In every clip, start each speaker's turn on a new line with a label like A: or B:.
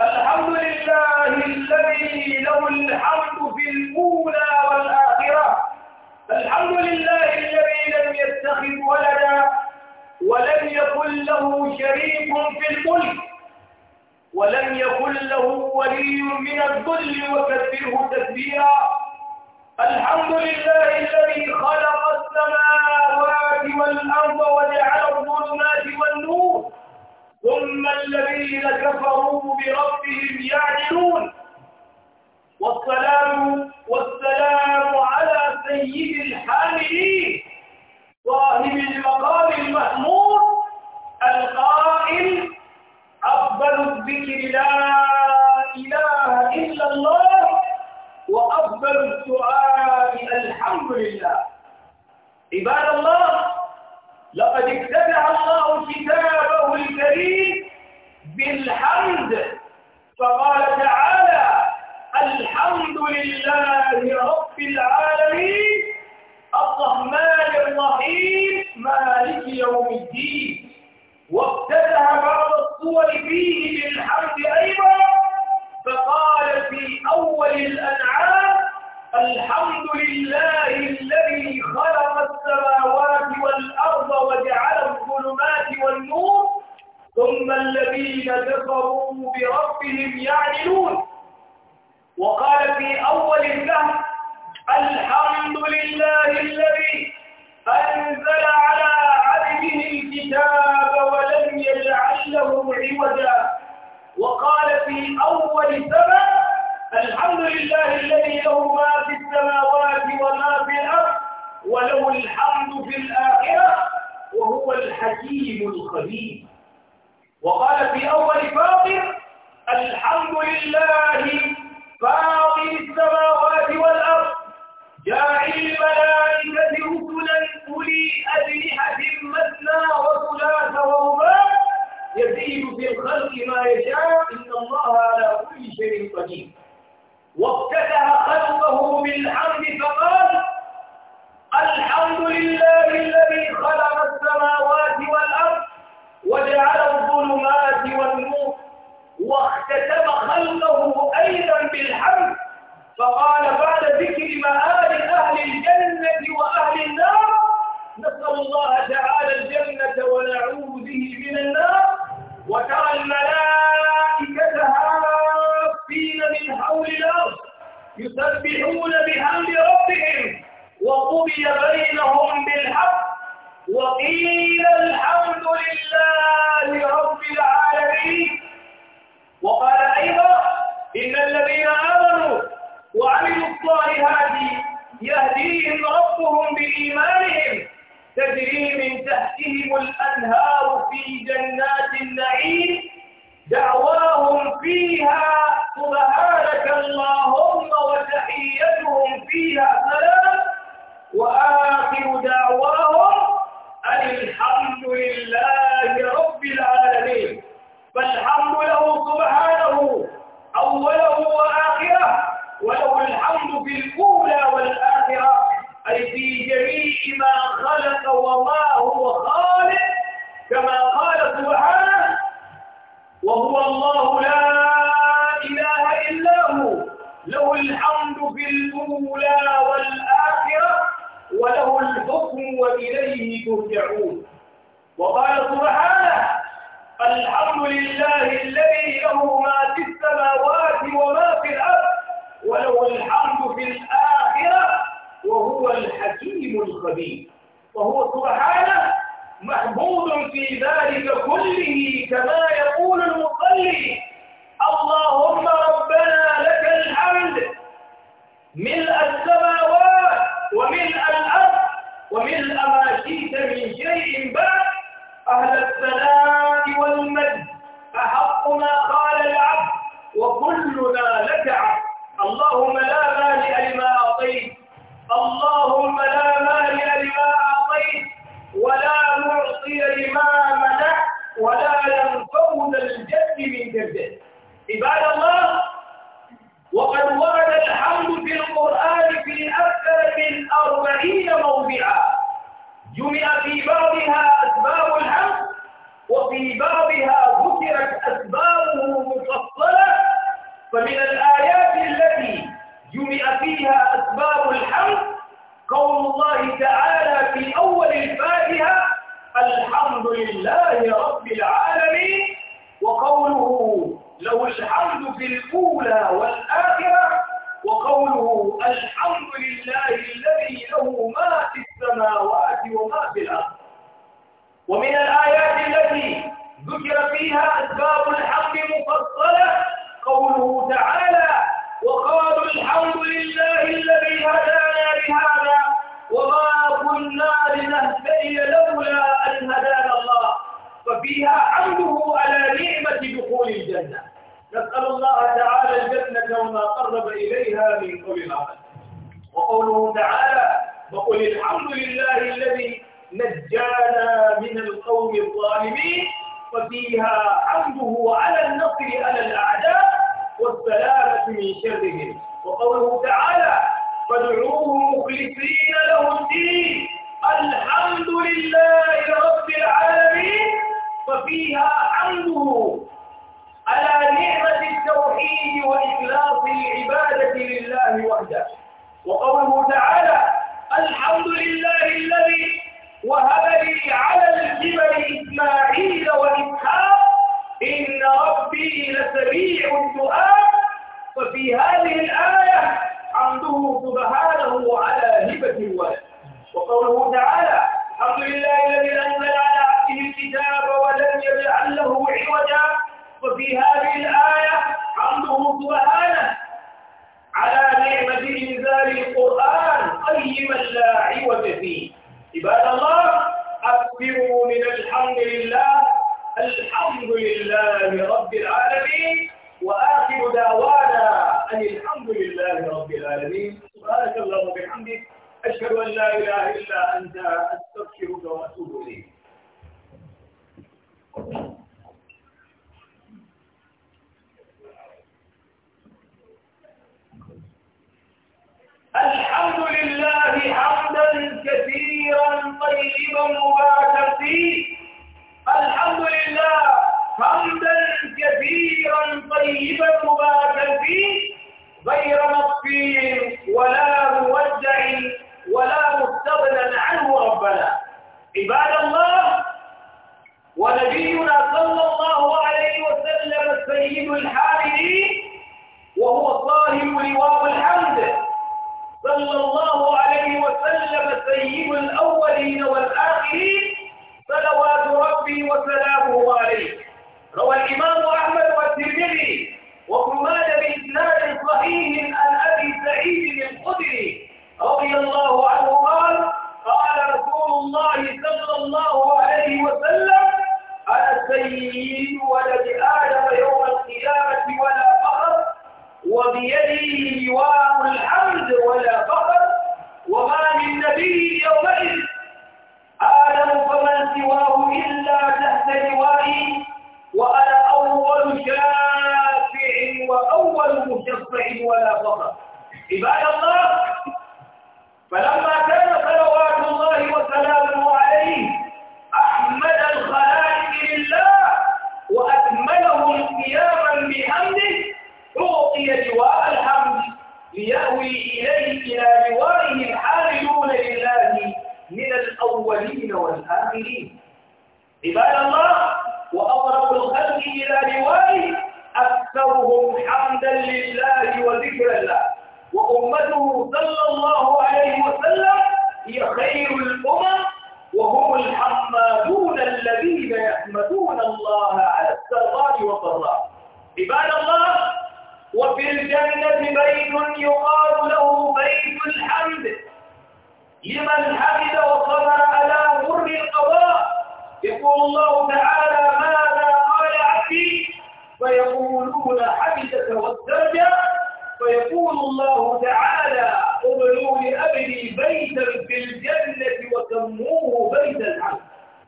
A: الحمد لله الذي له الحمد في الأولى والآخرة الحمد لله الذي لم يتخذ ولدا ولم يكن له شريك في الملك ولم يكن له ولي من الذل وكبره تكبيرا الحمد لله الذي خلق السماوات والأرض وجعل الظلمات والنور ثم الذين كفروا بربهم يعدلون والسلام والسلام على سيد الحاملين صاحب المقام المحمود القائل أفضل الذكر لا إله إلا الله وأفضل السؤال الحمد لله عباد الله لقد اكتبع الله كتابه الكريم بالحمد فقال تعالى الحمد لله رب العالمين الرحمن الرحيم مالك يوم الدين وابتدع بعض الصور فيه بالحمد أيضا فقال في أول الأنعام الحمد لله الذي خلق السماوات والأرض وجعل الظلمات والنور ثم الذين كفروا بربهم يعدلون وقال في أول الكهف الحمد لله الذي أنزل على عبده الكتاب ولم يجعل له عوجا وقال في أول سبب الحمد لله الذي له ما في السماوات وما في الأرض وله الحمد في الآخرة وهو الحكيم الخبير وقال في أول فاطر الحمد لله فاطر السماوات والأرض جاعل الملائكة رسلا أولي أجنحة مثنى وثلاث ورباع يزيد في الخلق ما يشاء إن الله على كل شيء قدير وافتتح خلقه بالحمد فقال الحمد لله الذي خلق السماوات والأرض وجعل الظلمات والنور واختتم خلقه أيضا بالحمد فقال بعد ذكر مآل أهل الجنة وأهل النار نسأل الله تعالى الجنة ونعوذ به من النار وترى الملائكة يسبحون بحمد ربهم وقضي بينهم بالحق وقيل الحمد لله رب العالمين وقال أيضا إن الذين آمنوا وعملوا الصالحات يهديهم ربهم بإيمانهم تجري من تحتهم الأنهار في جنات النعيم دعواهم فيها سبحانك اللهم وتحيتهم فيها سلام وآخر دعواهم الحمد لله رب العالمين في الأولى والآخرة وله الحكم وإليه ترجعون وقال سبحانه الحمد لله الذي له ما في السماوات وما في الأرض وله الحمد في الآخرة وهو الحكيم الخبير وهو سبحانه محمود في ذلك كله كما يقول المصلي ملء السماوات وملء الأرض وملء ما شئت من شيء بعد أهل الثناء والمجد أحق ما قال العبد وكلنا لك عبد اللهم لا مانع لما أعطيت اللهم لا مانع لما أعطيت ولا معطي لما منعت ولا ينفوذ الجد من جده عباد الله وقد ورد الحمد في القرآن في أكثر من أربعين موضعا جمع في بعضها أسباب الحمد وفي بعضها ذكرت أسبابه مفصلة فمن الآيات التي جمع فيها أسباب الحمد قول الله تعالى في أول الفاتحة الحمد لله رب العالمين وقوله لو الحمد في الأولى والآخرة وقوله الحمد لله الذي له ما في السماوات وما في الأرض ومن الآيات التي ذكر فيها أسباب الحمد مفصلة قوله تعالى دخول الجنة نسأل الله تعالى الجنة وما قرب إليها من قول العمل وقوله تعالى وقل الحمد لله الذي نجانا من القوم الظالمين ففيها حمده على النصر على الأعداء والسلامة من شرهم وقوله تعالى فادعوه مخلصين له الدين الحمد لله رب العالمين ففيها حمده على نعمة التوحيد وإخلاص العبادة لله وحده وقوله تعالى الحمد لله الذي وهب لي على الجبل إسماعيل وإسحاق إن ربي لسميع الدعاء ففي هذه الآية حمده سبحانه على هبة الولد وقوله تعالى الحمد لله الذي أنزل على عبده الكتاب ولم يجعل له عوجا وفي هذه الآية حمده سبحانه على نعمة إنزال القرآن قيما لا عوج فيه عباد الله أكبروا من الحمد لله الحمد لله رب العالمين وآخر دعوانا أن الحمد لله رب العالمين سبحانك اللهم وبحمدك أشهد أن لا إله إلا أنت أستغفرك وأتوب إليك الحمد لله حمدا كثيرا طيبا مباركا فيه الحمد لله حمدا كثيرا طيبا مباركا فيه غير مطفي ولا مودع ولا مستغنى عنه ربنا عباد الله ونبينا صلى الله عليه وسلم سيد الحامدين وهو صاحب لواء الحمد صلى الله عليه وسلم سيد الأولين والآخرين صلوات ربي وسلامه عليه روى الإمام أحمد والترمذي وكمال بإسناد صحيح عن أبي سعيد القدري رضي الله عنه قال قال رسول الله صلى الله عليه وسلم أنا سيد ولد آدم يوم القيامة ولا وبيده لواء الحمد ولا فقر وما من نبي يومئذ آدم فمن سواه إلا تحت لوائي وأنا أول شافع وأول مشفع ولا فقر عباد الله الأولين والآخرين عباد الله وأقرب الخلق إلى لوائه أكثرهم حمدا لله وذكر الله وأمته صلى الله عليه وسلم هي خير الأمم وهم الحمادون الذين يحمدون الله على السراء والضراء عباد الله وفي الجنة بيت يقال له بيت الحمد لمن حمد وصنع على مر القضاء يقول الله تعالى ماذا قال عبدي فيقولون حمدك والدرجة فيقول الله تعالى ابنوا لأبني بيتا في الجنة وسموه بيت الحمد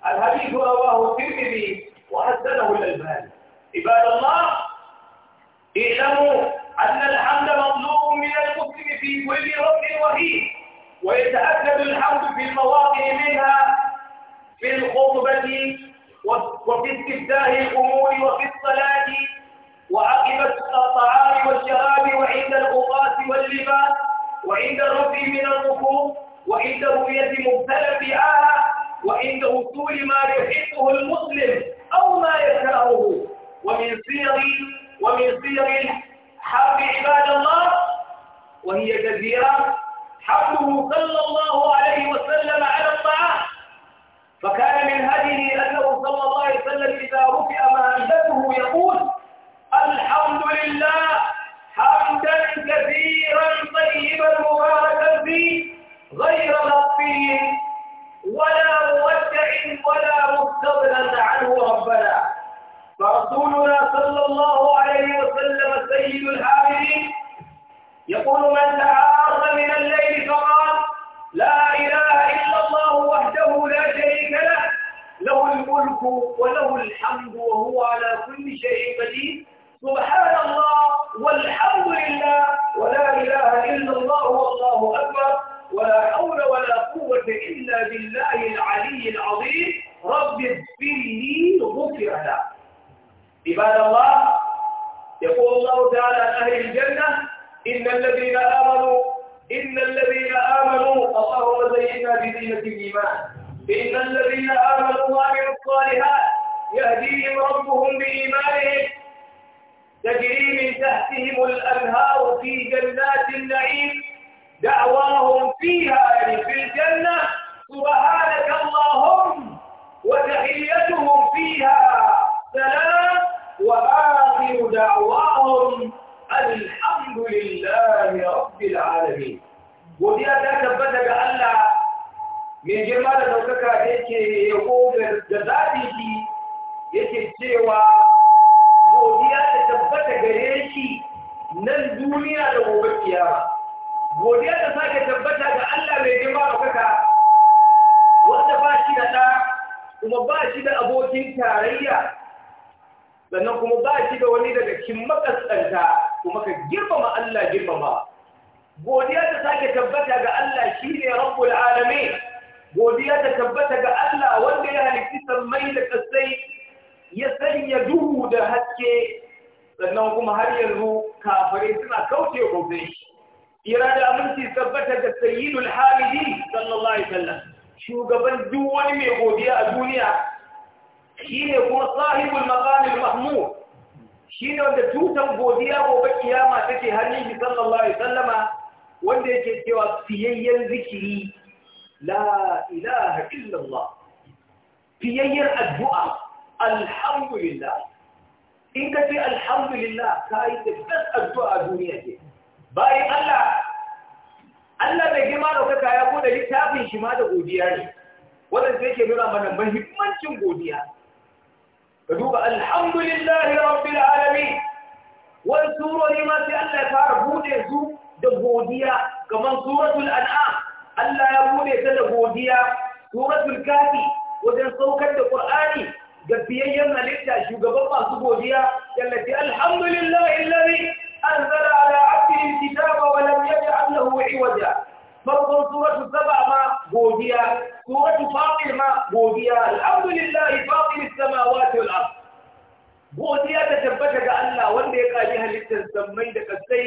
A: الحديث رواه الترمذي وحسنه الألباني عباد الله اعلموا أن الحمد مطلوب من المسلم في كل رب وحيد ويتأكد الحمد في المواقع منها في الخطبة وفي استفتاح الأمور وفي الصلاة وعقب الطعام والشراب وعند الغطاس واللباس وعند الرفي من الركوب وعند رؤية مبتلى وعند وصول ما يحبه المسلم أو ما يكرهه ومن صيغ ومن صيغ حرب عباد الله وهي كثيرة حمله صلى الله عليه وسلم على الطعام فكان من هذه أنه صلى الله عليه وسلم إذا رفع مهمته يقول الحمد لله حمدا كثيرا طيبا مباركا فيه غير مطفي ولا مودع ولا مستغنى عنه ربنا فرسولنا صلى الله عليه وسلم سيد الحاملين يقول من تعارض من الليل فقال لا إله إلا الله وحده لا شريك له له الملك وله الحمد وهو على كل شيء قدير سبحان الله والحمد لله ولا إله إلا الله والله أكبر ولا حول ولا قوة إلا بالله العلي العظيم رب اغفر لي غفر له عباد الله يقول الله تعالى عن أهل الجنة إن الذين آمنوا إن الذين آمنوا اللهم زينا بزينة الإيمان إن الذين آمنوا وعملوا الصالحات يهديهم ربهم بإيمانهم تجري من تحتهم الأنهار في جنات النعيم دعواهم فيها يعني في الجنة سبحانك اللهم وتحيتهم فيها سلام وآخر دعواهم alhamdulillahi rabbil alamin godiya ta tabbata ga Allah mai girma da daukaka da da zaɓi shi yake cewa godiya ta tabbata gare shi nan duniya da gobe godiya ta sake tabbata ga Allah mai girma da ba shi da kuma ba shi da abokin tarayya sannan kuma ba shi da wani daga cikin makaskanta kuma ka girmama Allah girmama godiya ta sake tabbata ga Allah shine rabbul alame. godiya ta tabbata ga Allah wanda ya halitta sammai da kasai ya sanya duhu da haske sannan kuma har yanzu kafirai suna kauce kauce ira da aminci tabbata ga sayyidul hamidi sallallahu alaihi wasallam shugaban duk wani mai godiya a duniya shine kuma sahibul maqamil mahmud shi ne wanda tutan godiya gobe kiyama take hannunki sallallahu alaihi sallama wanda yake cewa fiyayyen zikiri la ilaha illallah fiyayyen addu'a alhamdulillah in ka ce alhamdulillah ka yi da best addu'a a duniya ke bayan Allah Allah bai girma da kaka ya bude littafin shi ma da godiya ne wanda yake nuna mana muhimmancin godiya ka duba alhamdulillahi rabbil alamin wani surori ma Allah ya fara bude su da godiya kamar suratul an'am Allah ya buɗe ta da godiya suratul kafi wajen saukar da qur'ani ga biyayyen halitta shugaban masu godiya yallafi alhamdulillahi alladhi anzala ala abdihi alkitaba wa lam yaj'al lahu 'iwaja farkon suratu saba ma godiya suratu fatir ma godiya alhamdulillahi fatir samawati wal ard godiya ta tabbata ga Allah wanda ya kaji halittar sammai da kasai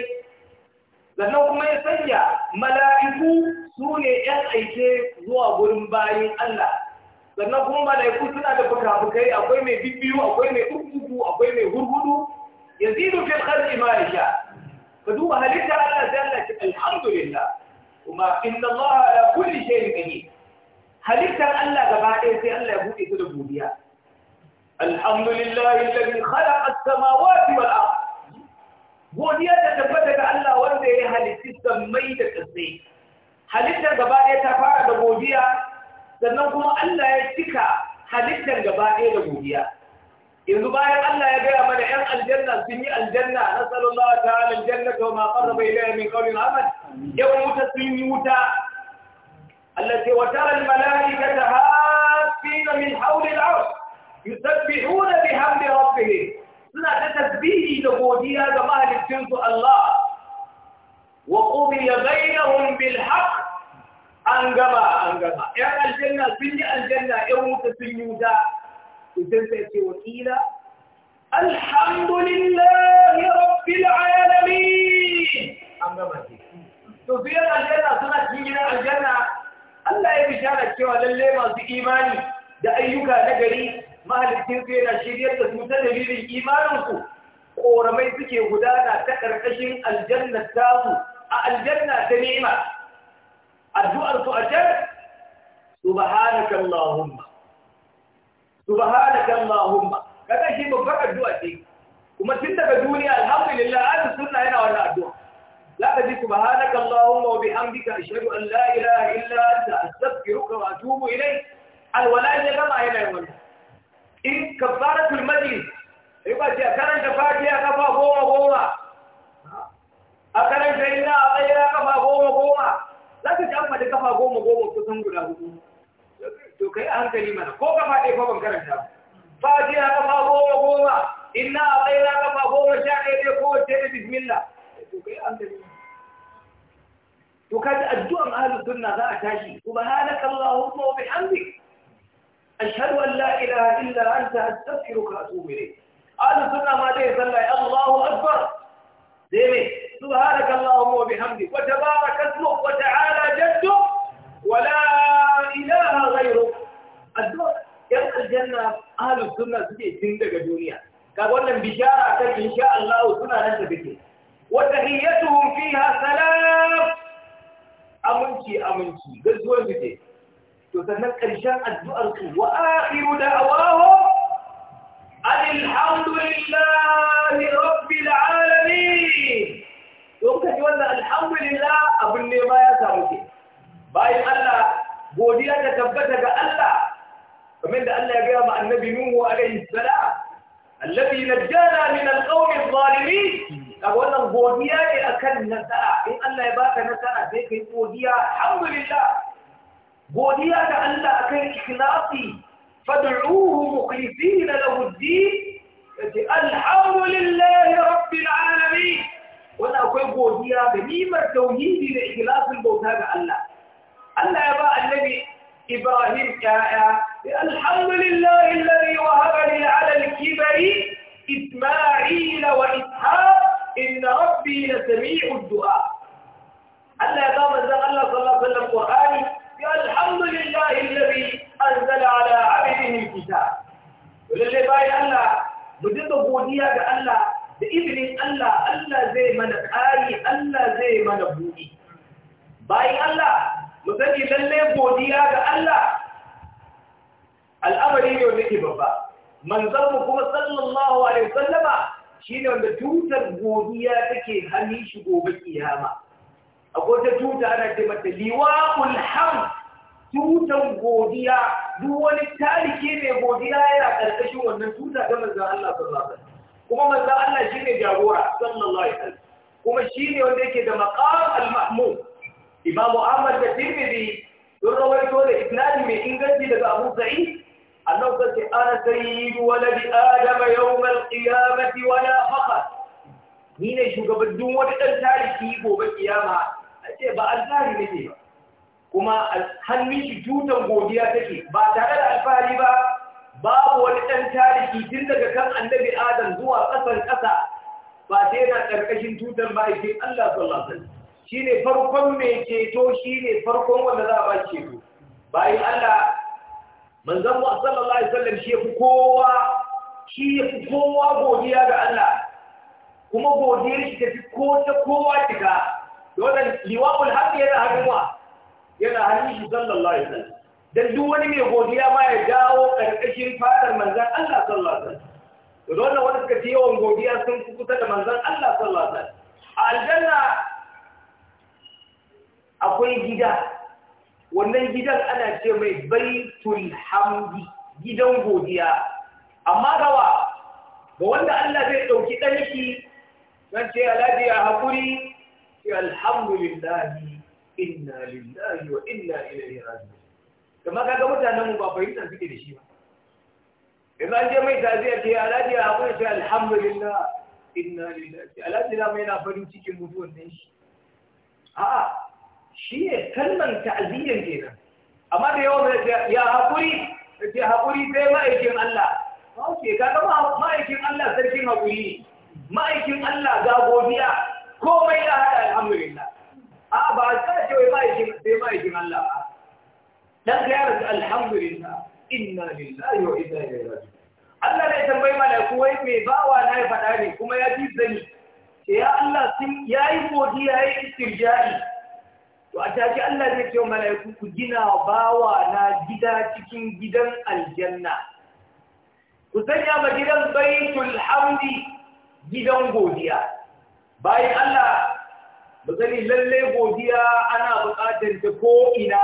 A: sannan kuma ya sanya mala'iku su ne ‘yan aike zuwa gurin bayan Allah sannan kuma mala'iku suna da fuka-fukai akwai mai bibbiyu akwai mai uku akwai mai hurhudu yazidu fil khalqi ma yasha ka duba halitta Allah sai Allah ce alhamdulillah kuma inna Allah ala kulli shay'in qadir halittar Allah gaba ɗaya sai Allah ya buɗe su da godiya alhamdulillahi alladhi khalaqa as-samawati wal ard godiya da tabbata ga Allah wanda ya halitti sammai da ƙasai halittar gaba ɗaya ta fara da godiya sannan kuma Allah ya cika halittar gaba ɗaya da godiya إذ بايت الله يا بيها من حق الجنة سمي الجنة نسأل الله تعالى الجنة وما قرب إليه من قول العمل يوم تسمي موتى التي وترى الملائكة هاتفين من حول العرض يسبحون بهم ربه لا تتسبيه لبودية كما هل الله وقضي بينهم بالحق أنقما أنقما يعني الجنة سمي الجنة يوم تسمي موتى sai sai ce wakila ya rabbi alamin an gama ce to aljanna suna cikin gidan aljanna Allah ya bishara cewa lalle masu imani da ayyuka na gari mahalicin su yana shiryar da su da dalilin imaninsu Ƙoramai suke gudana ta ƙarƙashin aljanna tasu a aljanna ta nema addu'ar su a can subhanakallahumma subhanaka allahumma kaga shi babbar addu'a ce kuma tun daga duniya alhamdulillah ahlus sunna yana wannan addu'a Za ka ji subhanaka allahumma wa bihamdika ashhadu an la ilaha illa anta astaghfiruka wa atubu ilayk alwala ya gama yana yin wannan in kafaratul majlis sai ba ce a karanta fatiha kafa goma goma a karanta inna a tsaye kafa goma goma zaka ji an faɗi kafa goma goma kusan guda hudu to kai a hankali mana ko kafa ɗaya ko ban karanta ba fatiha kafa goma goma inna a tsaina kafa goma sha ɗaya ɗaya ko wacce da bismillah to kai a hankali to kaji addu'an ahlus sunna za a tashi subhanaka allahumma wa bihamdik ashhadu an la ilaha illa anta astaghfiruka wa atubu ilayk ahlus sunna ma dai sallai allahu akbar dai ne subhanaka allahumma wa bihamdik wa tabaraka ismuk wa ta'ala jadduk wa la aljanna ahlus suna suke tun daga duniya ga wannan bishara kan insha Allah suna nan da take wa tahiyyatuhum fiha salam aminci aminci gazuwar bite to sannan karshen addu'ar su wa akhiru da'awahum alhamdulillahi rabbil alamin to kaji wannan alhamdulillah abin ne ma ya samu ke bayan Allah godiya ta tabbata ga Allah فمن قال لي يا النبي نوح عليه السلام الذي نجانا من القوم الظالمين أو أن البوديا أكل نسرع إن الله يباك نسرع ذلك البوديا الحمد لله بوديا أن لا أكل إخلاصي فادعوه مخلصين له الدين الحمد لله رب العالمين وأنا أقول بوديا بميم التوحيد لإخلاص البوديا أن لا أن لا النبي إبراهيم يا الحمد لله الذي وهب لي على الكبر إسماعيل وإسحاق إن ربي لسميع الدعاء ألا دام الزق الله صلى الله عليه وسلم قرآني الحمد لله الذي أنزل على عبده الكتاب وللي باي الله مجد بوديا الله بإذن الله الله زي من آي الله زي من بودي باي الله مجد لله بوديا الله al'amari ne wanda ke babba manzon mu kuma sallallahu alaihi wasallama shine wanda tutar godiya take hali shi gobe kiyama akwai ta tuta ana ce mata liwaqul hamd tutan godiya duk wani tarike ne godiya yana karkashin wannan tuta ta manzon Allah sallallahu alaihi wasallam kuma manzon Allah shine jagora sallallahu alaihi wasallam kuma shine wanda yake da maqam al-mahmud imamu Ahmad da Tirmidhi sun rawaito da isnadi mai inganci daga Abu Sa'id annabi sai ce ana sayyidu waladi adama yawmal qiyamati wala fakhar ni ne shugaban duk wani dan tarihi gobe kiyama ce ba alfahari nake ba kuma hannun shi tutan godiya take ba tare da alfahari ba babu wani dan tarihi tun daga kan annabi adam zuwa kasan kasa ba sai yana karkashin tutan mahaifin Allah sallallahu alaihi wasallam shine farkon mai ceto shine farkon wanda za a ba ceto bayan Allah manzon mu sallallahu alaihi wasallam shi yafi kowa shi yafi kowa godiya ga Allah kuma godiyar shi tafi ko ta kowa cika dole liwa'ul haqqi yana hannuwa yana hannun shi sallallahu alaihi wasallam dan duk wani mai godiya ma ya dawo karkashin fadar manzon Allah sallallahu alaihi wasallam dole wanda suka ci yawan godiya sun kusa da manzon Allah sallallahu alaihi wasallam a aljanna akwai gida wannan gidan ana ce mai baitul hamdi gidan godiya amma gawa ga wanda Allah zai ɗauki ɗanki zan ce alhaji ya haƙuri ce alhamdulillahi inna lillahi wa inna ilaihi raji'un kuma kaga mutanen mu ba fahimtar suke da shi ba idan an je mai taziya ce alhaji ya haƙuri ce alhamdulillah inna lillahi alhaji na mai na farin cikin mutuwan nan shi a'a shi ne kallon ta'aziyyar kenan amma da yawa ya haƙuri ya haƙuri sai ma'aikin Allah ce ka ga ma'aikin Allah sarkin haƙuri ma'aikin Allah ga godiya komai ya haɗa alhamdulillah a ba a sa ce wai ma'aikin sai ma'aikin Allah ba dan ka yara su alhamdulillah inna lillahi wa inna ilaihi raji'un Allah ne tambayi malaiku wai mai bawa na ya faɗa ne kuma ya ji zani ya Allah sun yayi godiya yi istirja'i to a tashi Allah zai ce mala'iku ku gina bawa na gida cikin gidan aljanna ku sanya ma gidan baitul hamdi gidan godiya bayan Allah ba sani lalle godiya ana buƙatar ta ko ina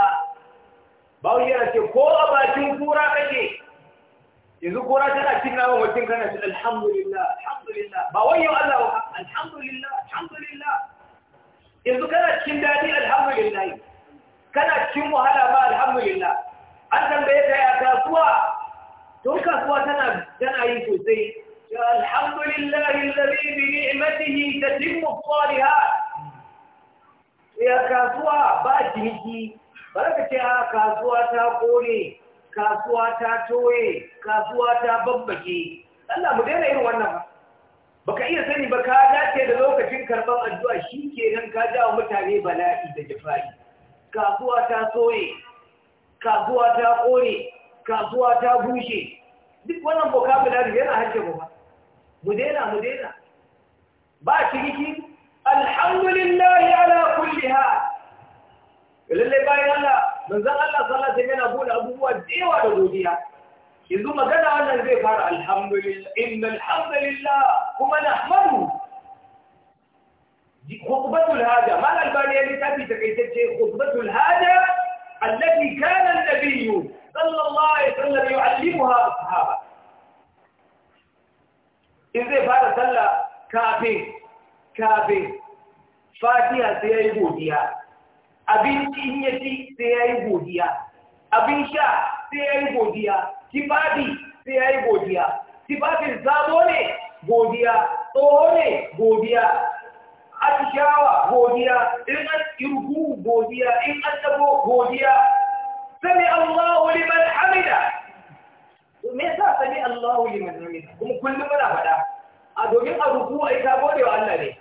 A: ba yana ce ko a bakin kura kake yanzu kura tana cin nama mutum kana ce alhamdulillah alhamdulillah ba wani yau Allah alhamdulillah alhamdulillah yanzu kana cikin daɗi alhamdulillah kana cikin wahala ba alhamdulillah an tambaye ta ya kasuwa to kasuwa tana tana yi sosai alhamdulillah alladhi bi ni'matihi tatimmu as-salihat ya kasuwa ba jiniki baraka ce a kasuwa ta kore kasuwa ta toye kasuwa ta babbake Allah mu daina irin wannan baka iya sani ba ka dace da lokacin karɓar addu'a shi kenan ka wa mutane bala'i da jifa'i kasuwa ta soye kasuwa ta ƙone kasuwa ta bushe duk wannan vocabulary yana hajje ba mu dena mu dena ba ciki alhamdulillahi ala kulli ha lalle bayan Allah manzon Allah sallallahu alaihi wasallam yana gode abubuwa da da godiya يندو ما قال على البكر الحمد لله إن الحمد لله كما نحمده خطبة الهاجة ما الباني اللي تابي تكيسك خطبة الهاجة التي كان النبي صلى الله عليه وسلم يعلمها أصحابا إذا فارة صلى كافي كافي فاتحة سيئبوديا أبنتي هيتي سيئبوديا أبنشا سيئبوديا tufafi sai ya yi godiya tufafin sabo ne godiya tsoho ne godiya atishawa godiya in an irgu godiya in an tabo godiya sami Allahu liman hamida me yasa sami Allahu liman hamida kuma kullum muna faɗa a domin a ruku a ita gode wa Allah ne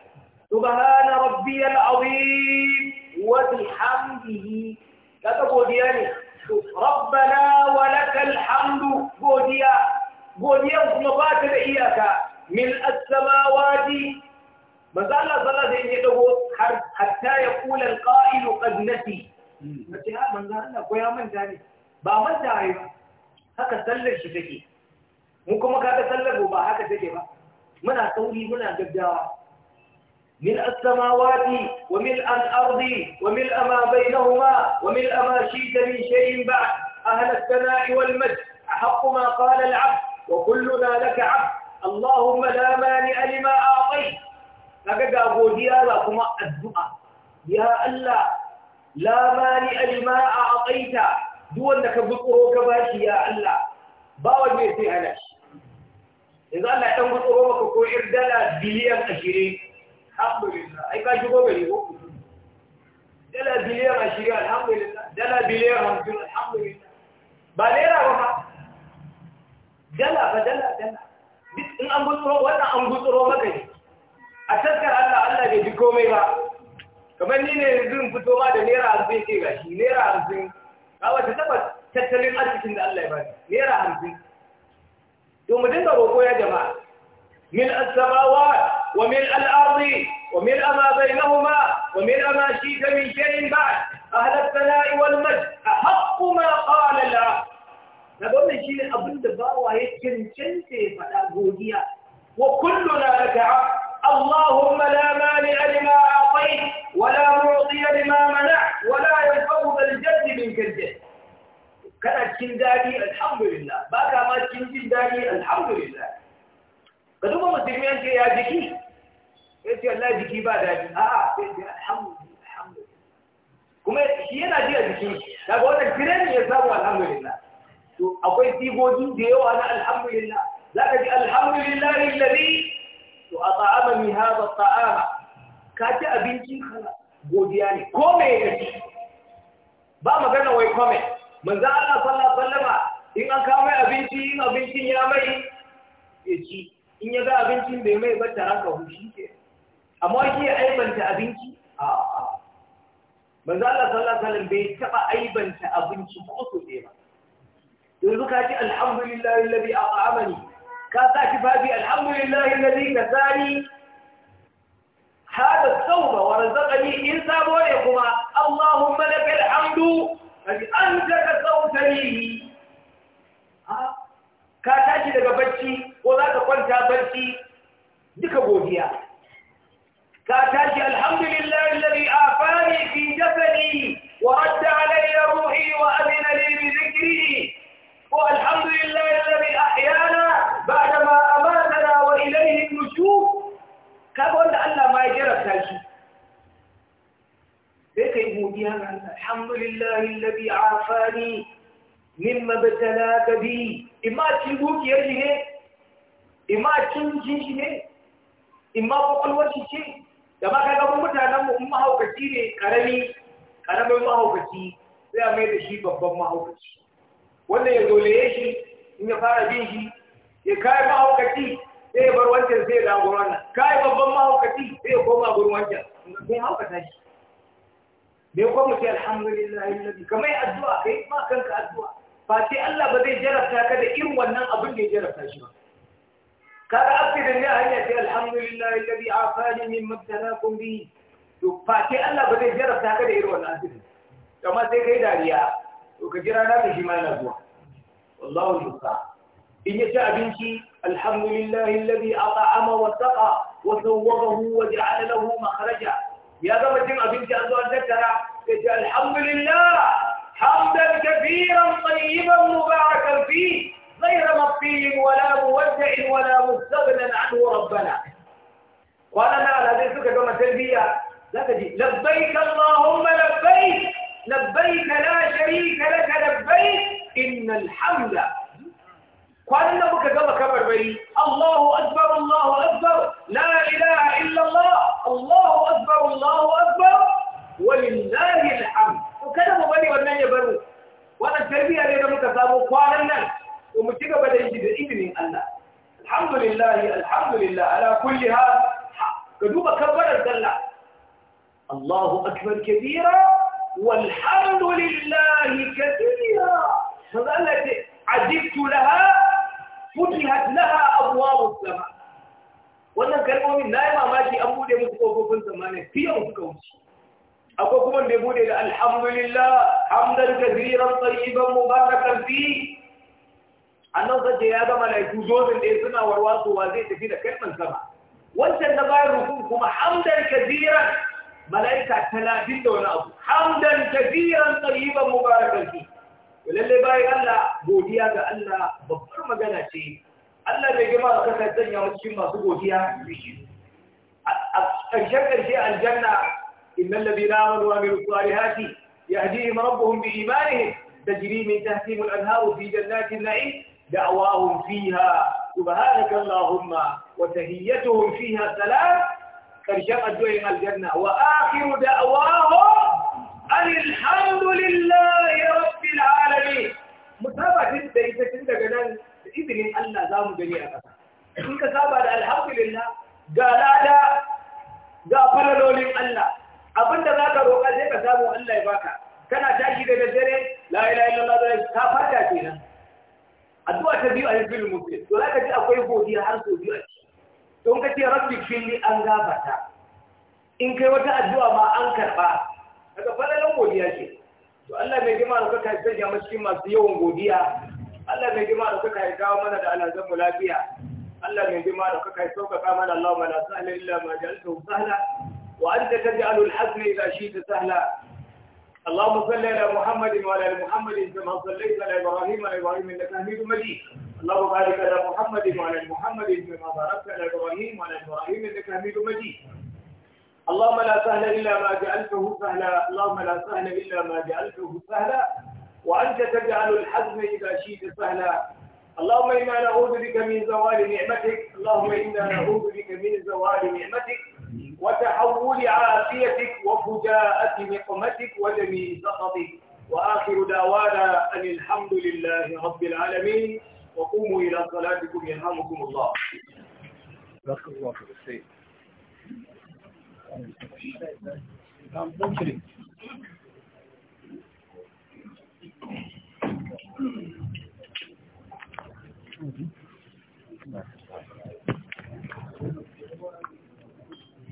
A: subhana rabbiyal azim wa bihamdihi kaga godiya ne rabbana wa lakal hamdu godiya godiya kuma ba ta da iyaka min as-samawati manzo Allah sallallahu alaihi ya dago har hatta ya kula al-qa'il qad nasi mace ha manzo Allah ko ya manta ne ba manta ai haka sallar shi take mu kuma ka ga sallar ba haka take ba muna sauri muna gaggawa ملء السماوات وملء الأرض وملء ما بينهما وملء ما شئت من شيء بعد أهل الثناء والمجد أحق ما قال العبد وكلنا لك عبد اللهم لا مانع لما أعطيت فقد أبو ديالا كما الدعاء يا الله لا مانع لما أعطيت دو أنك بطره كباش يا الله باوج ميسي هلاش إذا لا الله تنبطره كو إردالا بليم أشيرين alhamdulillah ai ka shigo gari ko dala biliyan ashirin alhamdulillah dala biliyan hamsin alhamdulillah ba naira ba ma dala ba dala dala duk in an gutsuro wannan an gutsuro maka ne a taskar Allah Allah bai ji komai ba kamar ni ne zan fito ma da naira hamsin ke gashi naira hamsin ba ta taba tattalin arzikin da Allah ya bani naira hamsin to mu dinga roƙo ya jama'a min as-samawat وملء الأرض وملء ما بينهما وملء ما شئت من شيء بعد أهل الثناء والمجد أحق ما قال له na gwamnan أبن ne abin da bawa ya cancanta ya faɗa اللهم لا مانع لما أعطيت ولا معطي لما منعت ولا ينفع ذا الجد منك الجد كانت تشين الحمد لله باكا ما تشين الحمد لله ka duba musulmi an ce ya jiki ya ce Allah jiki ba daɗi a'a sai ce alhamdulillah alhamdulillah kuma shi yana ji a jiki daga wannan ne ya samu alhamdulillah to akwai sigogi da yawa na alhamdulillah za ka ji alhamdulillah alladhi to at'amani hadha ta'ama ka ci abinci kana godiya ne ko me ya ci ba magana wai kome manzo Allah sallallahu alaihi wasallama in an kawo mai abinci in abincin ya mai ya ci in ya ga abincin bai mai bata haka hushi ke amma ke aibanta abinci a a manzo Allah sallallahu alaihi wasallam bai taba aibanta abinci ko so ɗaya ba yanzu ka ce alhamdulillahi alladhi at'amani ka sa ki fafi alhamdulillahi alladhi kasani hada tauba wa razaqani in sabo ne kuma allahumma lakal hamdu kaji anta barci duka godiya ka tashi alhamdulillah alladhi afani fi jasadi wa radda alayya ruhi wa amina li bi dhikrihi wa alhamdulillah alladhi ahyana ba'da ma amatana wa ilayhi an-nushur kaga wanda Allah ma ya jarabta shi sai kai godiya alhamdulillah alladhi afani mimma btalaka bi imma ci dukiyar ne imma cin jinshi shi ne imma kwakwalwar shi ce da ma kaga mutanen mu in mahaukaci ne karami karamin mahaukaci sai a mai da shi babban mahaukaci wanda ya zolaye shi in ya fara bin shi ya kai mahaukaci sai ya bar wancan sai ya dawo gurin wannan kai babban mahaukaci sai ya koma gurin wancan sai haukata shi me ko mu ce alhamdulillah alladhi kamar addu'a kai ma kanka addu'a fa sai Allah ba zai jarabta ka da irin wannan abin da ya jarabta shi ba قال أبدا الله يأتي الحمد لله الذي عافاني مما ابتلاكم به فاتي الله بدي جرى ساقة إيرو الأسر كما تقيد عليها وكجرى نبي ما الله والله يقع إن يشاء بنتي الحمد لله الذي أطعم واتقى وصوره وجعل له مخرجا يا رب الدين أبنتي أنت أن تترى الحمد لله حمدا كثيرا طيبا مباركا فيه غير مبطي ولا مودع ولا مستغنى عنه ربنا وانا لا هذه الفكره دون تلبيه لا تجي لبيك اللهم لبيك لبيك لا شريك لك لبيك ان الحمد قال انك كما كبر بي الله اكبر الله اكبر لا اله الا الله الله اكبر الله اكبر ولله الحمد وكذا مبني والنبي بر وانا التربيه اللي انا متفاهم ci gaba da yi da izinin Allah alhamdulillah alhamdulillah ala kulli Ha, ka duba kabbarar sallah Allahu akbar kabira والحمد لله كثيرا هذا التي عجبت لها فتحت لها abuwa السماء wannan kalmomin na yi mamaki an bude musu kofofin samanin fiye suka wuce akwai kuma da bude da alhamdulillah hamdan mu tsayiban mubarakan karfi. annan sace ya zama laifin dozin ɗaya suna warwatsowa zai tafi da kalman sama wancan na bayan rukun kuma hamdan kabiran malaika talatin da wani abu hamdan kabiran tsayiban mubarakan su lalle bayan Allah godiya ga Allah babbar magana ce Allah bai gima da kasar sanya cikin masu godiya a ƙarshen ƙarshe aljanna innal ladina amanu wa amilu salihati yahdihim rabbuhum bi imanihim tajri min tahtihim al-anharu fi jannatin na'im دعواهم فيها سبحانك اللهم وتهيتهم فيها سلام كرشاق الدعاء الجنة وآخر دعواهم أن الحمد لله رب العالمين متابعة da ita tun daga nan da izinin Allah za mu gani a ƙasa. In ka saba da alhamdulillah ga lada ga falalolin Allah abinda za ka roƙa sai ka samu Allah ya baka kana tashi da daddare la ilaha addu'a ta biyu a hizbul muslim to zaka ji akwai godiya har so biyu a ciki to ka ce rabbi fili an gabata. in kai wata addu'a ma an karba daga fadalan godiya ce to Allah mai jima da kaka ya sanya mu masu yawan godiya Allah mai jima da kaka ya dawo mana da alhazan mu lafiya Allah mai jima da kaka ya sauƙaƙa mana Allahumma la sahla illa ma ja'altahu sahla wa anta taj'alul hazna idha shi'ta sahla اللهم صل على محمد وعلى ال محمد كما صليت على ابراهيم وعلى ابراهيم انك حميد مجيد اللهم بارك على محمد وعلى ال محمد كما باركت على ابراهيم وعلى ابراهيم انك حميد مجيد اللهم لا سهل الا ما جعلته سهلا اللهم لا سهل الا ما جعلته سهلا وانت تجعل الحزن اذا شئت سهلا اللهم انا نعوذ بك من زوال نعمتك اللهم انا نعوذ بك من زوال نعمتك وتحول عافيتك وفجاءة نقمتك وجميع سخطك وآخر دعوانا أن الحمد لله رب العالمين وقوموا إلى صلاتكم يرحمكم الله بارك الله فيك Thank you.